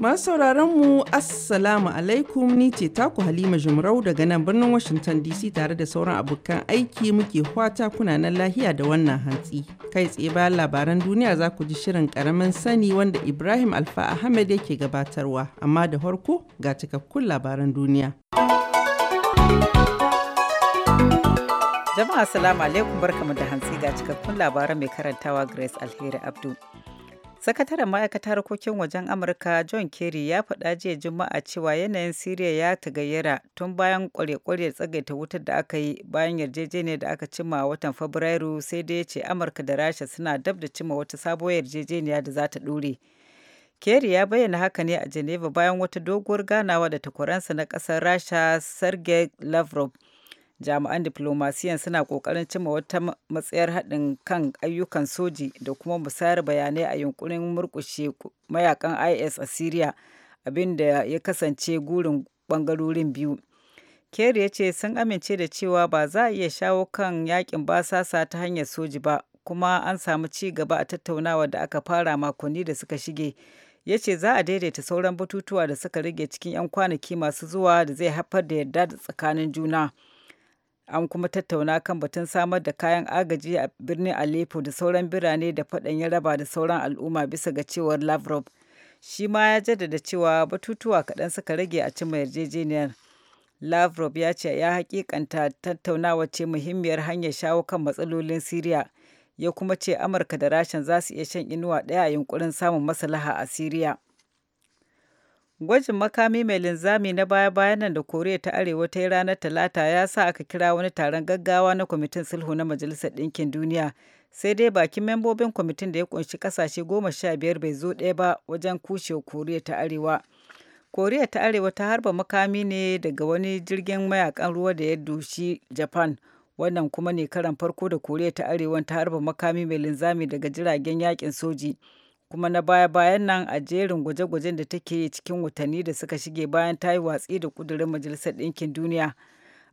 Masu sauraron mu Assalamu alaikum ni ce taku Halima Jumrau daga nan birnin Washington DC tare da sauran abokan aiki muke fata kuna nan lahiya da wannan hantsi. Kai tsaye bayan labaran duniya za ku ji shirin karamin sani wanda Ibrahim Alfa Ahmed yake gabatarwa amma da farko ga cikakkun labaran duniya. Jama'a salamu alaikum barkamu da hantsi ga cikakkun labaran mai karantawa Grace Alheri Abdu. sakataren ma'aikatar harkokin wajen amurka john kerry ya faɗa jiya juma'a cewa yanayin siriya ya tagayyara tun bayan kware-kware tsagaita wutar da aka yi bayan yarjejeniyar da aka cimma a watan fabrairu sai dai ya ce amurka da rasha suna dab da cimma wata sabuwar yarjejeniya da za ta ɗore kerry ya bayyana haka ne a geneva bayan wata doguwar ganawa da takwaransa na ƙasar rasha sergei lavrov jami'an diflomasiyan suna kokarin cimma wata matsayar haɗin kan ayyukan soji da kuma musayar bayanai a yunkurin murkushe mayakan is a syria abinda ya kasance gurin bangarorin biyu kerry ya ce sun amince da cewa ba za a iya shawo kan yakin basasa ta hanyar soji ba kuma an samu ci gaba a tattaunawa da aka fara makonni da suka shige ya ce za a daidaita sauran batutuwa da suka rage cikin 'yan kwanaki masu zuwa da zai haifar da yarda tsakanin juna. an kuma tattauna kan batun samar da kayan agaji a birnin aleppo da sauran birane da faɗan ya raba da sauran al'umma bisa ga cewar lavrov shi ma ya jaddada cewa batutuwa kaɗan suka rage a cin yarjejeniyar lavrov ya ce ya haƙiƙanta tattaunawa ce muhimmiyar hanyar shawo kan matsalolin siriya ya kuma ce amurka da rashin za su iya shan inuwa ɗaya a yunkurin samun maslaha a siriya Gwajin makami mai linzami na baya-bayan nan da Koriya ta Arewa ta yi ranar Talata ya sa aka kira wani taron gaggawa na Kwamitin Sulhu na Majalisar Ɗinkin Duniya. Sai dai bakin membobin kwamitin da ya kunshi kasashe goma sha biyar bai zo ɗaya ba wajen kushe Koriya ta Arewa. Koriya ta Arewa ta harba makami ne daga wani jirgin mayakan ruwa da ya dushi Japan. Wannan kuma ne karan farko da Koriya ta Arewa ta harba makami mai linzami daga jiragen yakin soji. kuma na baya-bayan nan a jerin gwaje-gwajen da take yi cikin watanni da suka shige bayan ta yi watsi da kudurin majalisar ɗinkin duniya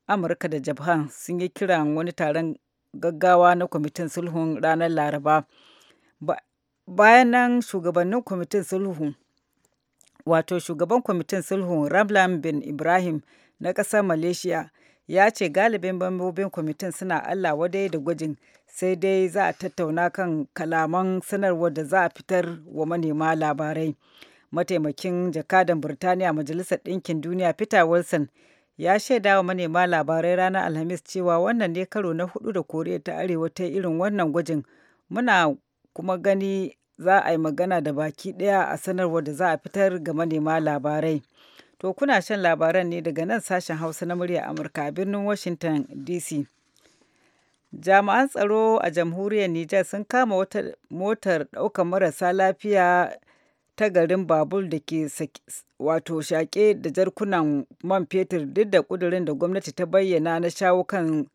amurka da japan sun yi kiran wani taron gaggawa na kwamitin sulhun ranar laraba bayan nan shugabannin kwamitin sulhu wato shugaban kwamitin sulhu ramlan bin ibrahim na ƙasar malaysia ya ce galibin bambobin kwamitin suna allah wadai da gwajin sai dai za a tattauna kan kalaman sanarwar da za a fitar wa manema labarai mataimakin jakadan birtaniya majalisar ɗinkin duniya peter wilson ya shaida wa manema labarai ranar alhamis cewa wannan ne karo na hudu da koriya ta arewa ta irin wannan gwajin muna kuma gani za a yi magana da baki ɗaya a sanarwar da za a fitar ga manema labarai to kuna shan labaran ne daga nan sashen hausa na murya amurka a birnin washington dc Jami'an tsaro a jamhuriyar Nijar sun kama wata motar ɗaukar marasa lafiya ta garin Babul da ke wato shaƙe da jarkunan man fetur duk da ƙudurin da gwamnati ta bayyana na shawo kan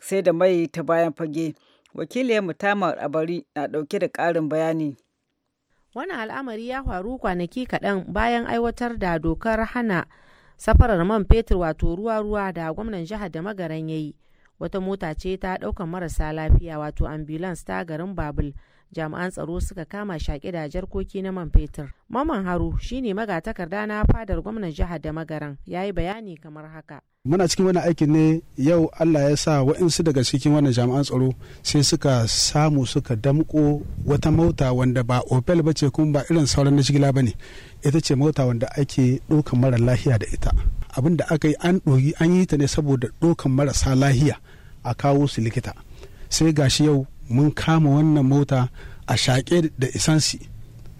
sai da mai ta bayan fage. Wakiliyar Mutamar bari na ɗauke da ƙarin bayani. wani al'amari ya faru kwanaki kaɗan bayan aiwatar da dokar hana safarar man fetur wato ruwa-ruwa da gwamnan jihar da magaran ya yi. wata mota ce ta ɗaukar marasa lafiya wato ambulance ta garin babul jami'an tsaro suka kama shaƙi da jarkoki na man fetur maman haru shine magatakarda na fadar gwamnan jihar da magaran ya yi bayani kamar haka muna cikin wani aikin ne yau allah ya sa wa'insu daga cikin wannan jami'an tsaro sai suka samu suka damƙo wata mota wanda ba opel ba ce kuma ba irin sauran na jigila ba ne ita ce mota wanda ake ɗaukar mara lahiya da ita abin da aka yi an ɗoyi an yi ta ne saboda ɗokan marasa lahiya a kawo su likita sai gashi yau mun kama wannan mota a shaƙe da isansi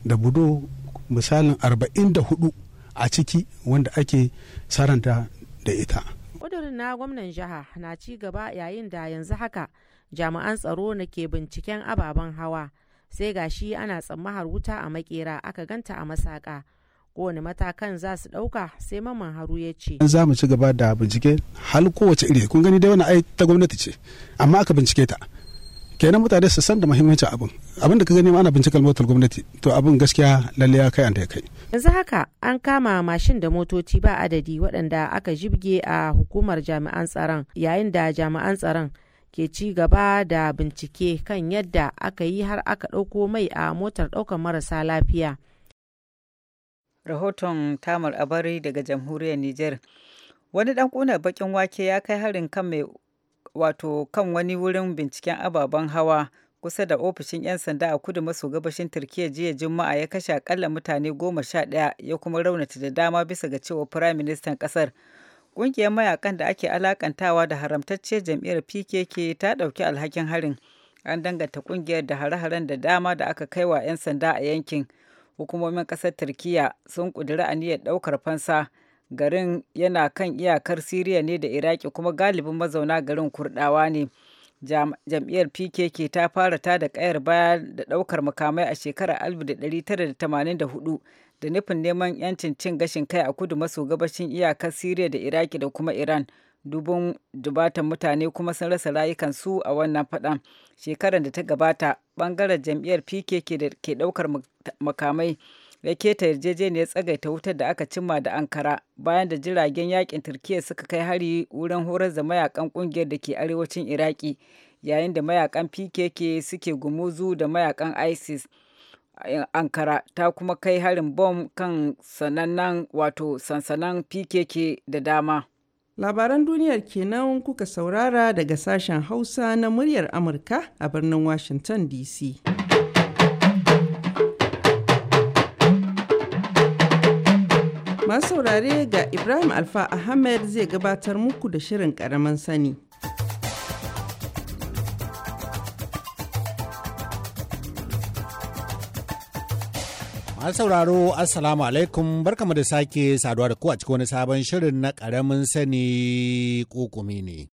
da budo misalin arba'in da hudu a ciki wanda ake saranta da ita ƙudurin na gwamnan jiha na ci gaba yayin da yanzu haka jami'an tsaro na ke binciken ababen hawa sai gashi ana tsammahar wuta a makera aka ganta a masaka kowane matakan za su ɗauka sai maman haru ya ce. za mu ci gaba da bincike hal kowace iri kun gani dai wani ai ta gwamnati ce amma aka bincike ta kenan mutane su san da muhimmancin abin abin da ka gani ana binciken motar gwamnati to abin gaskiya lalle ya kai an ya kai yanzu haka an kama mashin da motoci ba adadi waɗanda aka jibge a hukumar jami'an tsaron yayin da jami'an tsaron ke ci gaba da bincike kan yadda aka yi har aka ɗauko mai a motar ɗaukar marasa lafiya rahoton tamar abari daga jamhuriyar niger wani dan kunar bakin wake ya kai harin kan mai wato kan wani wurin binciken ababen hawa kusa da ofishin 'yan sanda a kudu maso gabashin turkiyya jiya juma'a ya kashe akalla mutane goma sha ɗaya ya kuma raunata da dama bisa ga cewa firayim ministan ƙasar ƙungiyar mayakan da ake alakantawa da haramtacce jam'iyyar pkk ta ɗauki alhakin harin an danganta ƙungiyar da hare-haren da dama da aka kai wa 'yan sanda a yankin hukumomin ƙasar turkiya sun ƙudiri aniyar ɗaukar fansa garin yana kan iyakar siriya ne da iraki kuma galibin mazauna garin kurdawa ne jam'iyyar pkk ta fara ta da kayar baya da ɗaukar makamai a shekarar 1984 da nufin neman 'yancin cin gashin kai a kudu maso gabashin iyakar siriya da iraki da kuma iran dubun dubatan mutane kuma sun rasa rayukansu a wannan faɗan shekarar da ta gabata bangaren jam'iyyar pkk da ke ɗaukar makamai ya keta yarjejeniyar tsagaita wutar da aka cimma da ankara bayan da jiragen yakin turkiyya suka kai hari wurin horar da mayakan kungiyar da ke arewacin iraki yayin da mayakan pkk suke gumuzu da mayakan isis ankara ta kuma kai harin bom kan sanannen wato sansanan pkk da dama labaran duniyar kenan kuka saurara daga sashen hausa na muryar amurka a birnin washington dc Masu saurare ga Ibrahim Alfa Ahmed zai gabatar muku da shirin ƙaramin sani. Masu sauraro Assalamu alaikum barkamu da sake saduwa da ku a cikin wani sabon shirin na karamin sani kokumi ne.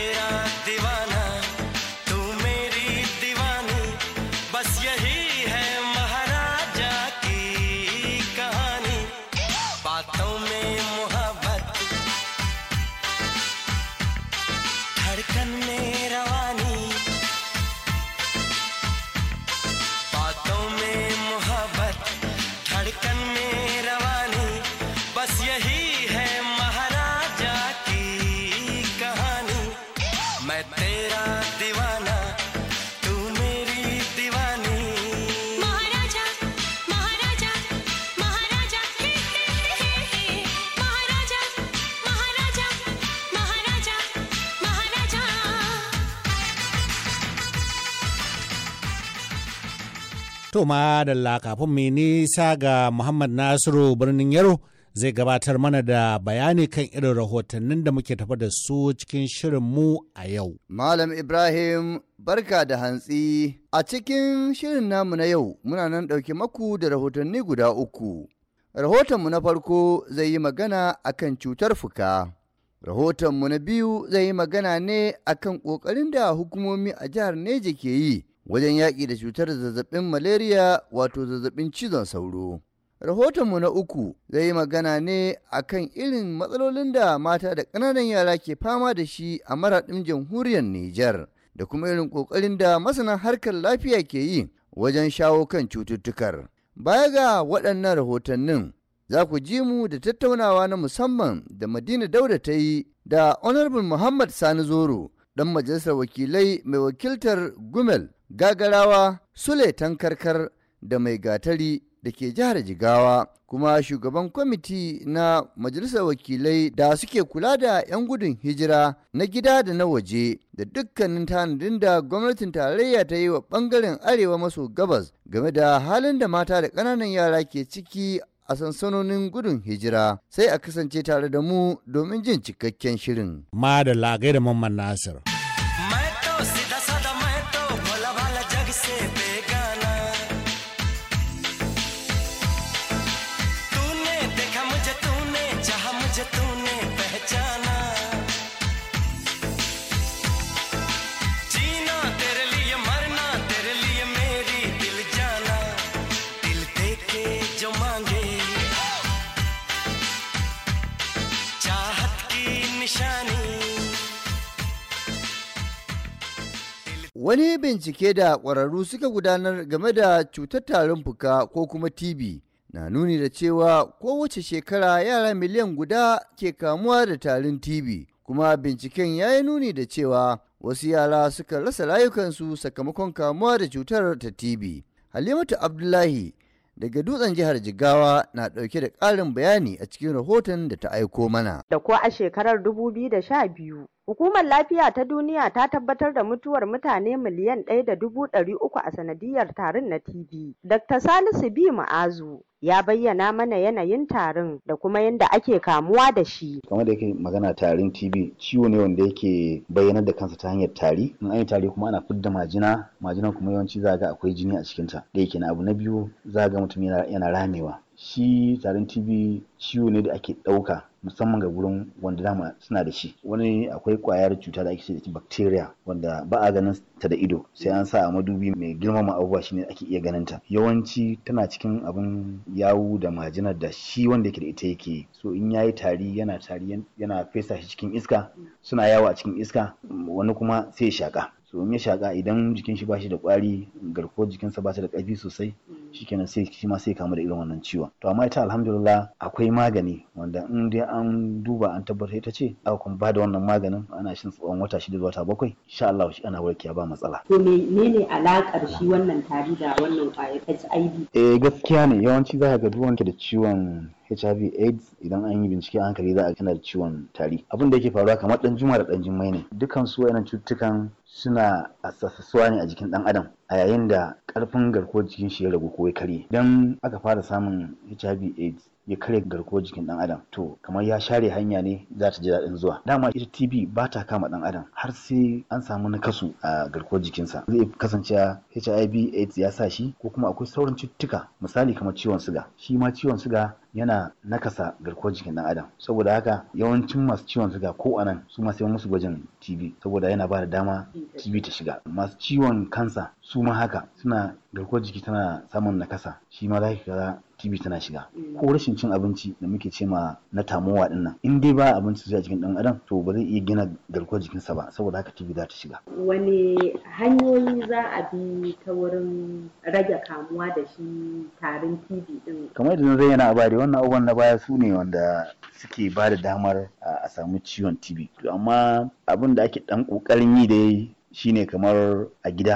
तेरा To da kafin mai nisa ga Muhammad Nasiru birnin Yaro zai gabatar mana da bayani kan irin rahotannin da muke tafa da su cikin shirin mu a yau. Malam Ibrahim barka da hantsi a cikin shirin namu na yau muna nan ɗauke maku da rahotanni guda uku. Rahotonmu na farko zai yi magana a kan cutar fuka. Rahotonmu na biyu zai yi magana ne a kan ƙoƙarin da hukumomi a jihar Neja ke yi wajen yaƙi da cutar zazzabin malaria wato zazzabin cizon sauro. Rahotonmu na uku zai yi magana ne a kan irin matsalolin da mata da ƙananan yara ke fama da shi a maraɗin jamhuriyar Nijar da kuma irin ƙoƙarin da masana harkar lafiya ke yi wajen shawo kan cututtukar. Baya ga waɗannan rahotannin za ku ji mu da tattaunawa na musamman da Madina Dauda ta yi da Honorable Muhammad Sani Zoro ɗan majalisar wakilai mai wakiltar Gumel, gagarawa Sule Tankarkar da mai gatari da ke jihar Jigawa, kuma shugaban kwamiti na majalisar wakilai da suke kula da 'yan gudun hijira na gida da na waje da dukkanin tanadin da gwamnatin tarayya ta yi wa bangaren arewa maso gabas game da halin da mata da ƙananan yara ke ciki a sansanonin gudun hijira sai a kasance tare da mu domin jin cikakken shirin. Ma da lagai da Mamman Nasir. Wani bincike da ƙwararru suka gudanar game da cutar tarin fuka ko kuma TB na nuni da cewa kowace shekara yara miliyan guda ke kamuwa da tarin TB, kuma binciken ya yi nuni da cewa wasu yara suka rasa rayukansu sakamakon kamuwa da cutar ta TB. Halimatu Abdullahi daga dutsen jihar Jigawa na ɗauke da ƙarin bayani a cikin rahoton da ta aiko mana. Da ko a shekarar 2012 Hukumar Lafiya ta Duniya ta tabbatar da mutuwar mutane miliyan ɗaya da dubu ɗari uku a sanadiyyar tarin na TB. Dr. Salisu B. Ma'azu ya bayyana mana yanayin tarin da kuma yadda ake kamuwa da shi. Kamar da yake magana tarin TB ciwo ne wanda yake bayyanar da kansa ta hanyar tari. In an yi tari kuma ana fidda majina, majinan kuma yawanci za ga akwai jini a cikinta. Da yake na abu na biyu za ga mutum yana ramewa. shi tarin tb ciwo ne da ake ɗauka musamman ga gurin wanda dama suna da shi wani akwai kwayar cuta da ake ce da bacteria wanda ba a ganin ta da ido sai an sa a madubi mai girmama abubuwa ne ake iya ganin ta yawanci tana cikin abin yawu da majinar da shi wanda yake da ita yake so in yayi tari yana tari yana fesa shi cikin iska suna yawo a cikin iska wani kuma sai ya shaka so in ya shaka idan jikin shi bashi da kwari garkuwar jikinsa ba ta da ƙarfi sosai mm. kenan sai shi ma sai kamu da irin wannan ciwon to amma ita alhamdulillah akwai magani wanda in dai an duba an tabbatar ita ce aka kuma ba da wannan maganin ana shan tsawon wata shida zuwa wata bakwai insha Allah shi ana warkewa ba matsala to menene alakar shi wannan tari da wannan ƙwayar HIV eh gaskiya ne yawanci za ka ga duk wanda da ciwon HIV AIDS idan an yi bincike a hankali za a kana da ciwon tari abin da yake faruwa kamar dan juma da dan Jummai ne Dukkan su wayannan cututtukan suna assasuwa ne a jikin dan adam a yayin da ƙarfin garkuwar jikin shi ya ragu ko ya karye idan aka fara samun hiv aids ya karya garkuwar jikin ɗan adam to kamar ya share hanya ne za ta ji daɗin zuwa dama ita TV ba ta kama ɗan adam har sai an samu nakasu a garkuwar jikinsa zai kasance hiv aids ya sa shi ko kuma akwai sauran cututtuka misali kamar ciwon suga shi ma ciwon suga yana nakasa garkuwar jikin ɗan adam saboda haka yawancin masu ciwon suga ko anan su ma sai musu gwajin tb saboda yana ba da dama tb ta shiga masu ciwon kansa su ma haka suna garkuwar jiki tana samun nakasa shi ma za ka tb tana shiga mm. ko rashin cin abinci da muke ce na tamowa dinnan, in dai ba abinci sosai a jikin dan adam to ba zai iya gina garkuwar jikinsa ba saboda haka tb za ta shiga wani hanyoyi za a bi ta wurin rage kamuwa da shi tarin tb din kamar yadda na zayyana a bari wannan abubuwan na baya su ne wanda suke ba da damar a samu ciwon tb to amma abin da ake ɗan kokarin yi dai shine kamar a gida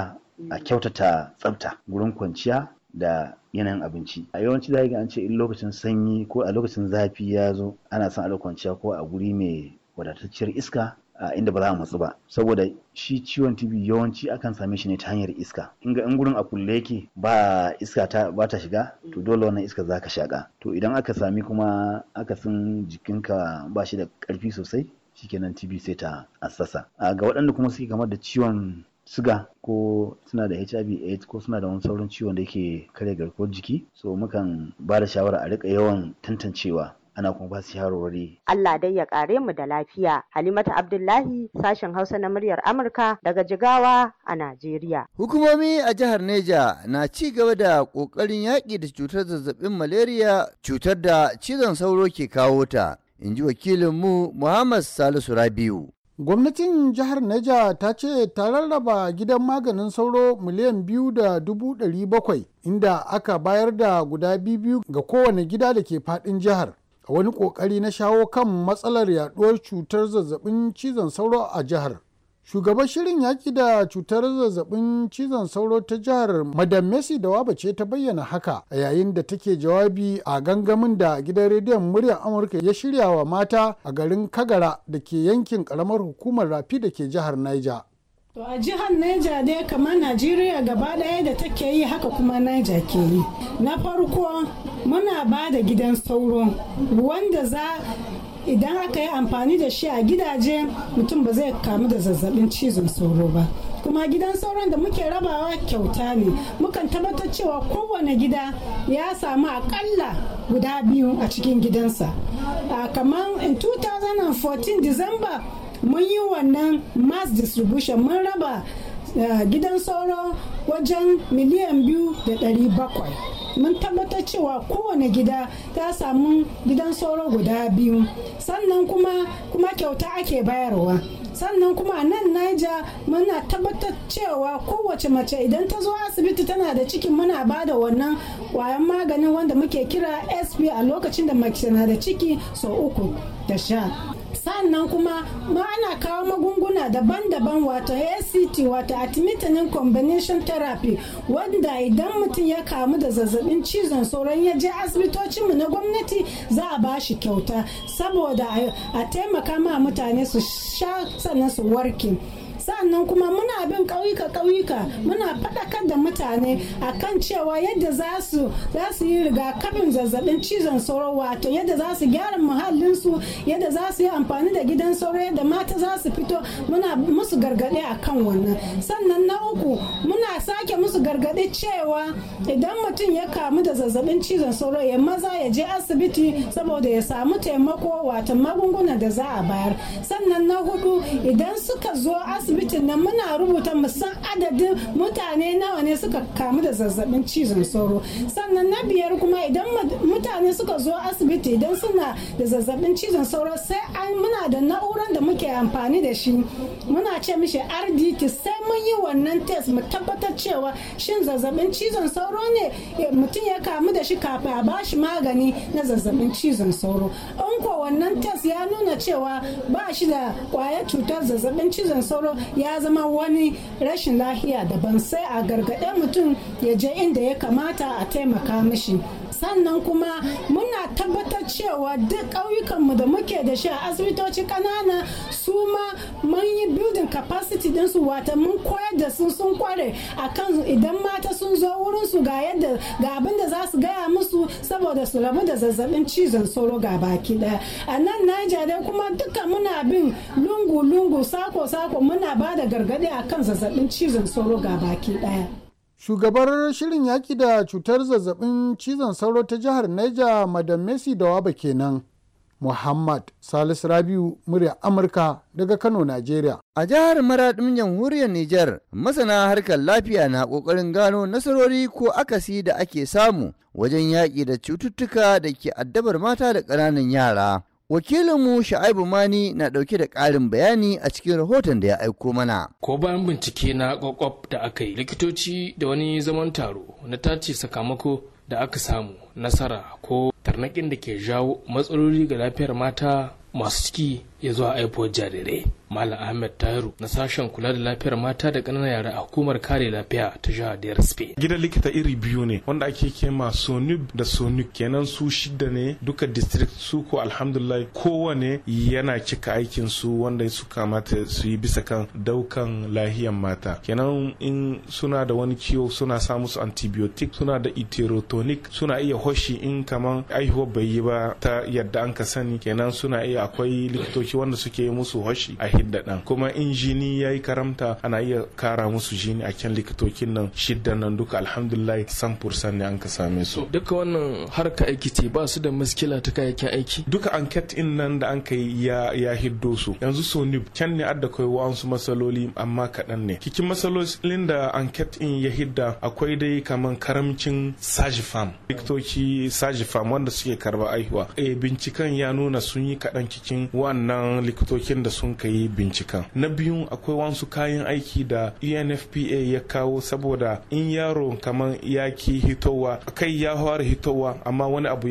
a mm. kyautata tsafta gurin kwanciya da yanayin abinci a yawanci da ga an ce in lokacin sanyi ko a lokacin zafi ya zo ana son a kwanciya ko a guri mai wadatacciyar iska a inda ba za a matsu ba saboda shi ciwon tibi yawanci akan same shi ne ta hanyar iska in ga in gurin a kulle yake ba iska ta ba ta shiga to dole wannan iska za ka shaka to idan aka sami kuma aka san jikinka ba shi da karfi sosai shikenan tibi sai ta assasa a ga waɗanda kuma suke kamar da ciwon siga ko suna da hiv aids ko suna da wani sauran ciwon da yake karya garkuwar jiki so mukan ba da shawara a rika yawan tantancewa ana kuma ba su shawarwari. Allah dai ya kare mu da lafiya. Halimatu Abdullahi sashen Hausa na muryar Amurka daga Jigawa a Najeriya. Hukumomi a jihar Neja na ci gaba da kokarin yaƙi da cutar zazzabin malaria cutar da cizon sauro ke kawo ta. In ji mu Muhammad Salisu Rabiu. gwamnatin jihar neja ta ce ta rarraba gidan maganin sauro miliyan biyu da dubu ɗari bakwai inda aka bayar da guda biyu ga kowane gida da ke fadin jihar a wani ƙoƙari na shawo kan matsalar yaɗuwar cutar zazzabin cizon sauro a jihar shugaban shirin yaƙi da cutar zazzabin cizon sauro ta jihar madam messi da waba ce ta bayyana haka a yayin da take jawabi a gangamin da gidan rediyon muryar amurka ya shirya wa mata a garin kagara da ke yankin karamar hukumar rafi da ke jihar niger To a jihar Niger dai kamar Najeriya gaba ɗaya da take yi haka kuma Niger ke yi. Na farko muna ba da gidan sauro wanda za idan aka yi amfani da shi a gidaje mutum ba zai kamu da zazzabin cizon sauro ba kuma gidan sauron da muke rabawa kyauta ne mukan tabbatar cewa kowane gida ya samu akalla guda biyu a cikin gidansa A kamar 2014 disamba mun yi wannan mass distribution mun raba Eh, gidan sauro wajen miliyan biyu da ɗari bakwai mun tabbatar cewa kowane gida ta samu gidan sauro guda biyu sannan kuma kuma kyauta ake bayarwa sannan kuma nan naija muna tabbatar cewa kowace mace idan ta zo asibiti tana da cikin muna ba da wannan kwayan maganin wanda muke kira sp a lokacin da mace na da ciki sau uku da sha sannan kuma ana kawo magunguna daban-daban wato act wato artemethanin combination therapy wanda idan mutum ya kamu da zazzabin cizon sauran ya je asibitocinmu na gwamnati za a ba kyauta saboda a taimaka ma mutane su sha sannan su warke. sannan kuma muna bin ƙauyuka ƙauyuka muna faɗakar da mutane a kan cewa yadda za su za su yi rigakafin zazzabin cizon sauro wato yadda za su gyara muhallinsu yadda za su yi amfani da gidan sauro yadda mata za su fito muna musu gargaɗi kan wannan sannan na uku muna sake musu gargaɗi cewa idan mutum ya kamu da zazzabin cizon sauro ya maza ya je asibiti saboda ya samu taimako wato magunguna da za a bayar sannan na hudu idan suka zo asibiti asibitin nan muna rubuta musan adadin mutane nawa ne suka kamu da zazzabin cizon sauro sannan na biyar kuma idan mutane suka zo asibiti idan suna da zazzabin cizon sauro sai an muna da na'urar da muke amfani da shi muna ce mishi rdt sai mun yi wannan test mu tabbatar cewa shin zazzabin cizon sauro ne eh, mutum ya kamu da shi kafin a ba shi magani na zazzabin cizon sauro in ko wannan test ya nuna cewa ba shi da kwayar cutar zazzabin cizon sauro ya zama wani rashin lahiya daban sai a gargaɗe mutum ya je inda ya kamata a taimaka mashi. sannan kuma muna tabbatar cewa duk ƙauyukanmu da muke da shi a asibitoci ƙanana su ma mun yi building capacity dinsu wata mun koyar da su sun kware a akan idan mata sun zo wurin su ga yadda ga abin da za su gaya musu saboda su rabu da zazzabin cizon sauro ga baki ɗaya a nan naija dai kuma duka muna bin lungu-lungu sako-sako muna ba da gargaɗi kan zazzabin cizon sauro ga baki ɗaya. shugabar shirin yaƙi da cutar zazzabin cizon sauro ta jihar Neja madam messi da waba kenan muhammad salisu rabiu murya amurka daga kano nigeria. a jihar maradin jamhuriyar niger masana harkar lafiya na ƙoƙarin gano nasarori ko akasi da ake samu wajen yaƙi da cututtuka da ke addabar mata da ƙananan yara Wakilinmu Sha'ibu Mani na ɗauke da ƙarin bayani a cikin rahoton da ya aiko mana. Ko bayan bincike na ƙwaƙwaf da aka yi likitoci da wani zaman taro na tace sakamako da aka samu nasara ko tarnaƙin da ke jawo matsaloli ga lafiyar mata masu ciki ya zuwa jarirai malam ahmed tahiru na sashen kula da lafiyar mata da ƙananan yara a hukumar kare lafiya ta jihar diyar spain gidan likita iri biyu ne wanda ake kema sonib da sonic kenan su shida ne duka district su ko alhamdulillah kowane yana cika aikin su wanda su kamata su yi bisa kan daukan lahiyan mata kenan in suna da wani ciwo suna sa musu antibiotic suna da iterotonic suna iya hoshi in kaman aihuwa bai yi ba ta yadda an ka sani kenan suna iya akwai likitoci ɗauki wanda suke musu washi a hidda ɗan kuma in jini ya yi karamta ana iya kara musu jini a kan likitokin nan shidda nan duka alhamdulillah san fursan ne an ka same su duka wannan harka aiki ce ba su da maskila ta kayayyakin aiki duka anket in nan da an kai ya ya hiddo su yanzu sonib can ne adda kai wasu masaloli amma kaɗan ne cikin masalolin da anket in ya hidda akwai dai kaman karamcin sajifam likitoci sajifam wanda suke karba aihuwa eh, binciken ya nuna sun yi kaɗan cikin wannan wannan likitokin da sun kayi binciken na biyu akwai wasu kayan aiki da enfpa ya kawo saboda in yaro kamar ya ki hitowa kai ya fara hitowa amma wani abu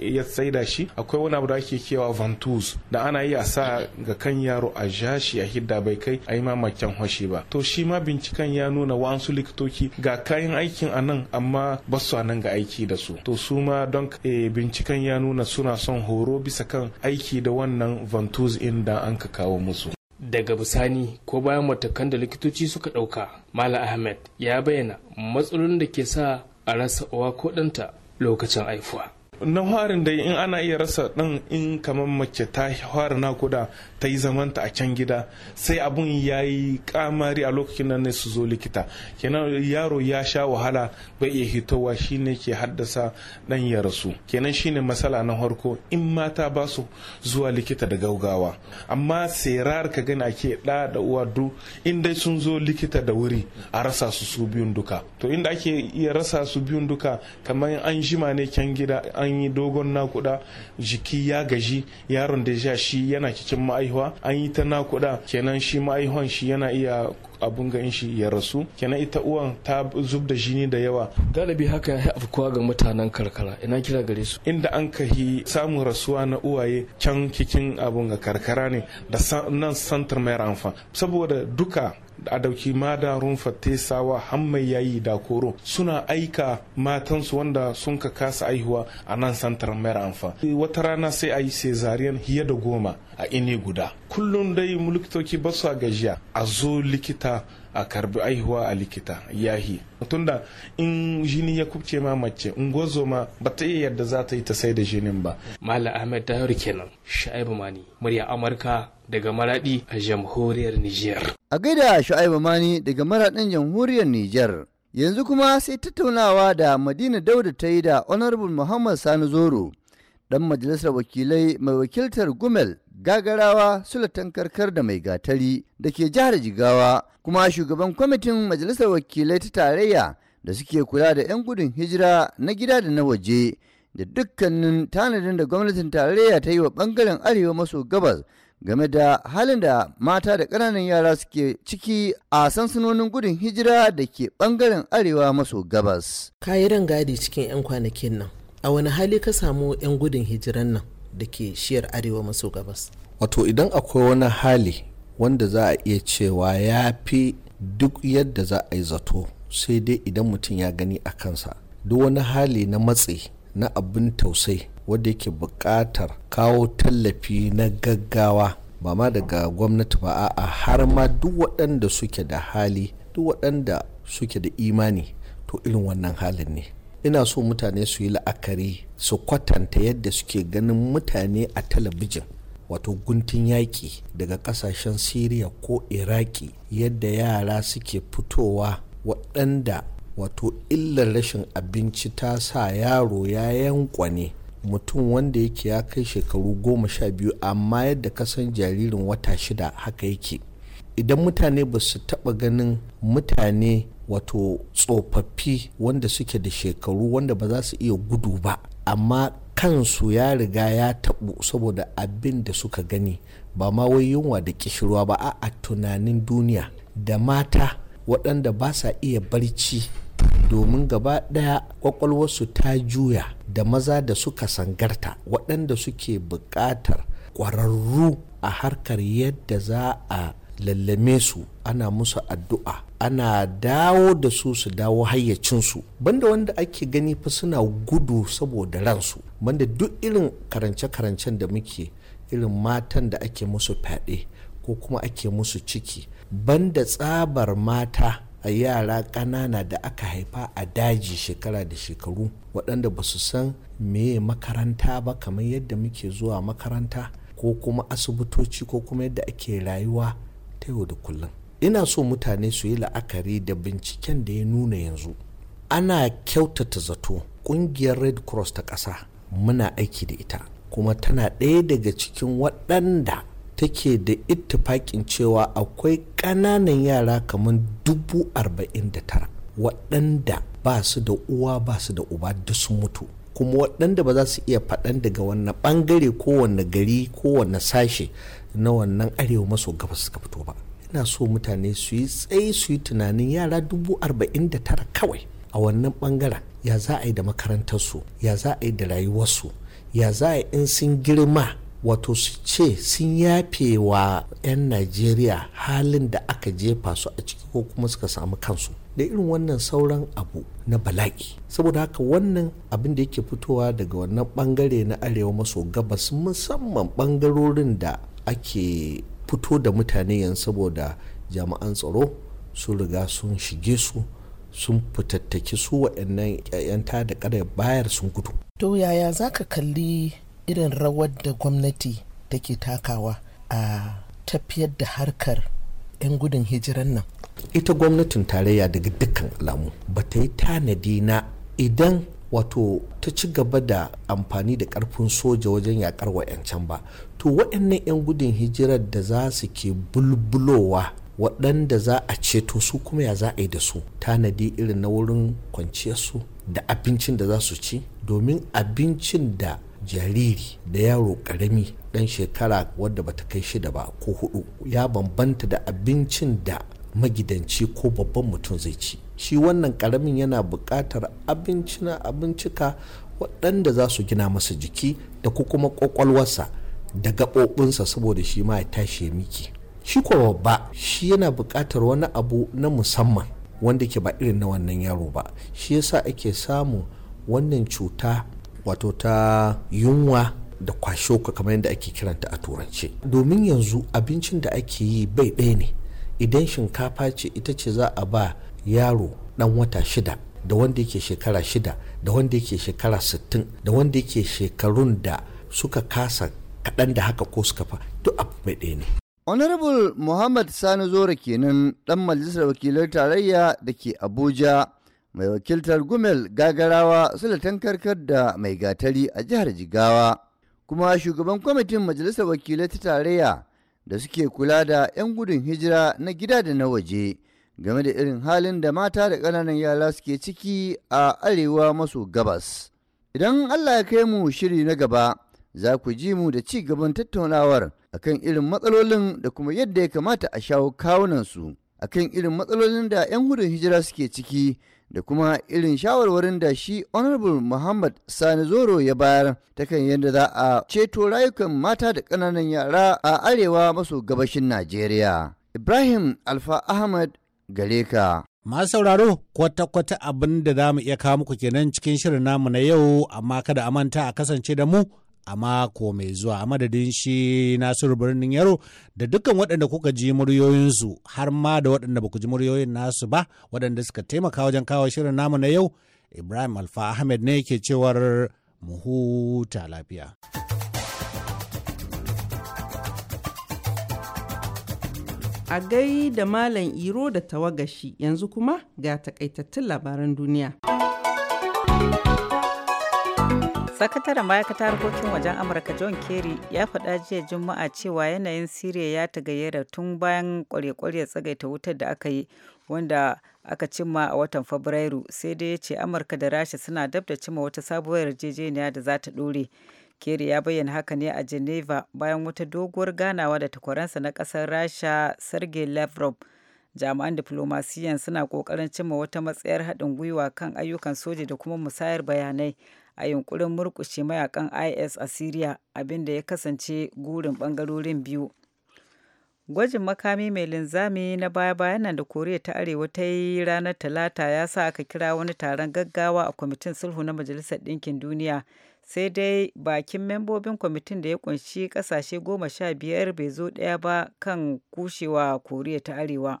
ya tsaida shi akwai wani abu da ake kewa vantus da ana yi a sa ga kan yaro a ja shi a hidda bai kai a yi mamakin hoshi ba to shi ma binciken ya nuna wasu likitoki ga kayan aikin a nan amma ba su nan ga aiki da su to su ma don eh, binciken ya nuna suna son horo bisa kan aiki da wannan vantus tools in da an ka kawo musu daga bisani ko bayan matakan da likitoci suka ɗauka mala ahmed ya bayyana matsalolin da ke sa a rasa uwa ko ɗanta lokacin haifuwa na harin da in ana iya rasa ɗan in kamar mace ta fara nakuda ta yi zamanta a can gida sai abun ya yi kamari a lokacin nan ne su zo likita kenan yaro ya sha wahala bai iya hitowa shine ke haddasa dan ya rasu kenan shine matsala na harko in mata ba su zuwa likita da gaugawa amma rar ka gani ake ɗa da uwa du in dai sun zo likita da wuri a rasa su su biyun duka to inda ake iya rasa su biyun duka kamar an jima ne can gida an an yi dogon nakuda jiki ya gaji yaron da ja shi yana cikin ma'aihuwa an yi ta nakuda kenan shi ma'aihuwan shi yana iya abun ga shi ya rasu kenan ita uwan ta zub da jini da yawa galibi haka ya afkuwa ga mutanen karkara ina kira gare su inda an kahi samun rasuwa na uwaye can kikin abun ga karkara ne da nan santar mayar amfa saboda duka a dauki mada rumfa tesawa hammai yayi da koro suna aika matansu wanda sun ka kasa aihuwa a nan santar mayar amfa wata rana sai a yi cesarian hiye da goma a ini guda kullum dai mulkitoki basu su gajiya a zo likita a karbi aihuwa a likita yahi tunda in jini ya kubce ma mace gozo ma ba ta iya yadda za ta yi ta sai da jinin ba mala ahmed tahir kenan sha'ibu mani murya amurka daga maradi a jamhuriyar niger a gaida sha'ibu mani daga maradin jamhuriyar niger yanzu kuma sai tattaunawa da madina dauda ta yi da honorable muhammad sani zoro dan majalisar wakilai mai wakiltar gumel gagarawa sulatan karkar da mai gatari da ke jihar jigawa kuma shugaban kwamitin majalisar wakilai ta tarayya da suke kula da 'yan gudun hijira na gida da na waje da dukkanin tanadin da gwamnatin tarayya ta yi wa bangaren arewa maso gabas game da halin da mata da ƙananan yara suke ciki a sansanonin gudun hijira da ke bangaren arewa maso gabas. kayi rangadi cikin 'yan kwanakin nan a wani hali ka samu 'yan gudun hijiran nan da ke shiyar arewa maso gabas wato idan akwai wani hali wanda za a iya cewa ya fi duk yadda za a yi zato sai dai idan mutum ya gani a kansa duk wani hali na matsi na abin tausai wadda yake buƙatar kawo tallafi na gaggawa ba ma daga gwamnati ba a har ma duk waɗanda suke da hali duk waɗanda suke da imani to irin wannan halin ne ina so mutane su yi la'akari su kwatanta yadda suke ganin mutane a talabijin wato guntun yaƙi daga ƙasashen siriya ko iraki yadda yara suke fitowa waɗanda wato illar rashin abinci ta sa yaro ya yankwane mutum wanda yake ya kai shekaru goma sha biyu amma yadda kasan jaririn wata shida haka yake idan mutane ba su taɓa ganin mutane wato tsofaffi wanda suke da shekaru wanda ba za su iya gudu ba amma kansu ya riga ya taɓu saboda abin da suka gani ba ma wai yunwa da kishirwa ba a tunanin duniya da mata waɗanda ba sa iya barci domin gaba ɗaya ƙwaƙwalwarsu ta juya da maza da suka sangarta waɗanda suke buƙatar ƙwararru a harkar yadda za a lallame su ana musu addu'a ana dawo da su su dawo hayyacinsu banda wanda ake gani fa suna gudu saboda ransu banda duk irin karance-karancen da muke irin matan da ake musu fyaɗe ko kuma ake musu ciki banda tsabar mata a yara ƙanana da aka haifa a daji shekara da shekaru waɗanda ba su san meye makaranta ba kamar yadda muke zuwa makaranta ko kuma asibitoci ko kuma yadda ake rayuwa ta yau da kullum ina so mutane su yi la'akari da binciken da ya nuna yanzu ana kyautata zato ƙungiyar red cross ta ƙasa muna aiki da ita kuma tana ɗaya daga cikin waɗanda take da ittifaƙin cewa akwai ƙananan yara kamar dubu arba'in da tara waɗanda ba su da uwa ba su da uba da sun mutu kuma waɗanda ba za su iya faɗan daga wannan ɓangare kowane gari kowane sashe na wannan arewa maso gabas suka fito ba ina so mutane su yi tsaye su yi tunanin yara dubu arba'in da tara kawai a wannan bangaren ya za a yi da makarantarsu ya za a yi da rayuwarsu ya za a yi in sun girma wato su ce sun yafe wa 'yan najeriya halin da aka jefa su a ciki ko kuma suka samu kansu da irin wannan sauran abu na bala'i saboda haka wannan abin da yake fitowa daga wannan bangare na arewa maso gabas musamman bangarorin da ake fito da mutane yanzu saboda jami'an tsaro sun riga sun shige su sun fitattaki su waɗannan 'yan da ƙarar bayar sun gudu. To yaya za ka kalli irin rawar da gwamnati take takawa a tafiyar da harkar 'yan gudun hijiran nan? Ita gwamnatin tarayya daga dukkan alamu ba ta yi tanadi na idan wato ta ci gaba da amfani da karfin soja wajen yakar wa'yancan ba to waɗannan 'yan gudun hijirar da za su ke bulbulowa waɗanda za a ceto su kuma ya za a yi da su tanadi irin na wurin kwanciyarsu da abincin da za su ci domin abincin da jariri da yaro ƙarami dan shekara wadda bata kai shida ba ko hudu ya bambanta da abincin da magidanci ko babban mutum zai ci shi wannan karamin yana buƙatar abinci na abincika waɗanda za su gina masa jiki da kuma ƙwaƙwalwarsa da gaɓoɓinsa saboda shi ma ya tashi ya miki shi ko babba shi yana buƙatar wani abu na musamman wanda ke ba irin na wannan yaro ba shi yasa ake samu wannan cuta wato ta yunwa da kwashoka kamar yadda ake kiranta a turance domin yanzu abincin da ake yi bai ɗaya ne idan shinkafa ce ita ce za a ba yaro dan wata shida da wanda yake shekara shida da wanda yake shekara sittin da wanda yake shekarun da suka kasa kaɗan da haka ko suka fa duk abu mai ɗaya ne. honorable muhammad sani zora kenan dan majalisar wakilar tarayya da ke abuja mai wakiltar gumel gagarawa sulatan karkar da mai gatari a jihar jigawa kuma shugaban kwamitin majalisar wakilai ta tarayya da suke kula da 'yan gudun hijira na gida da na waje game da irin halin da mata da ƙananan yara suke ciki a arewa maso gabas. Idan Allah ya kai mu shiri na gaba, za ku ji mu da ci gaban tattaunawar a kan irin matsalolin da kuma yadda ya kamata a shawo kawunansu kan irin matsalolin da 'yan gudun hijira suke ciki da kuma irin shawarwarin da shi honorable muhammad sani zoro ya bayar ta kan yadda za a ceto rayukan mata da ƙananan yara a arewa maso gabashin najeriya ibrahim alfa ahmad gare ka masu sauraro kwata-kwata abin da za mu iya kawo muku kenan cikin shirin namu na yau amma kada a manta a kasance da mu a mako mai zuwa a madadin shi nasiru birnin yaro da dukkan waɗanda kuka ji muryoyinsu har ma da waɗanda ba ku ji muryoyin nasu ba waɗanda suka taimaka wajen kawo shirin namu na yau ibrahim alfa ahmed ne ke cewar mu huta lafiya. a gai da Malam Iro da tawagashi yanzu kuma ga takaitattun labaran duniya. sakataren ma'aikatar harkokin wajen amurka john kerry ya faɗa jiya juma'a cewa yanayin siriya ya tagayyara tun bayan kware ya tsagaita wutar da aka yi wanda aka cimma a watan fabrairu sai dai ya ce amurka da rasha suna dab da cimma wata sabuwar yarjejeniya da za ta ɗore kerry ya bayyana haka ne a geneva bayan wata doguwar ganawa da takwaransa na ƙasar rasha sergei lavrov jami'an diflomasiyan suna kokarin cimma wata matsayar haɗin gwiwa kan ayyukan soja da kuma musayar bayanai a yunkurin murkushe mayakan is a syria abinda ya kasance gurin bangarorin biyu gwajin makami mai linzami na baya-bayan nan da koriya ta arewa ta yi ranar talata ya sa aka kira wani taron gaggawa a kwamitin sulhu na majalisar ɗinkin duniya sai dai bakin membobin kwamitin da ya kunshi kasashe goma sha biyar bai zo ɗaya ba kan kushewa koriya ta arewa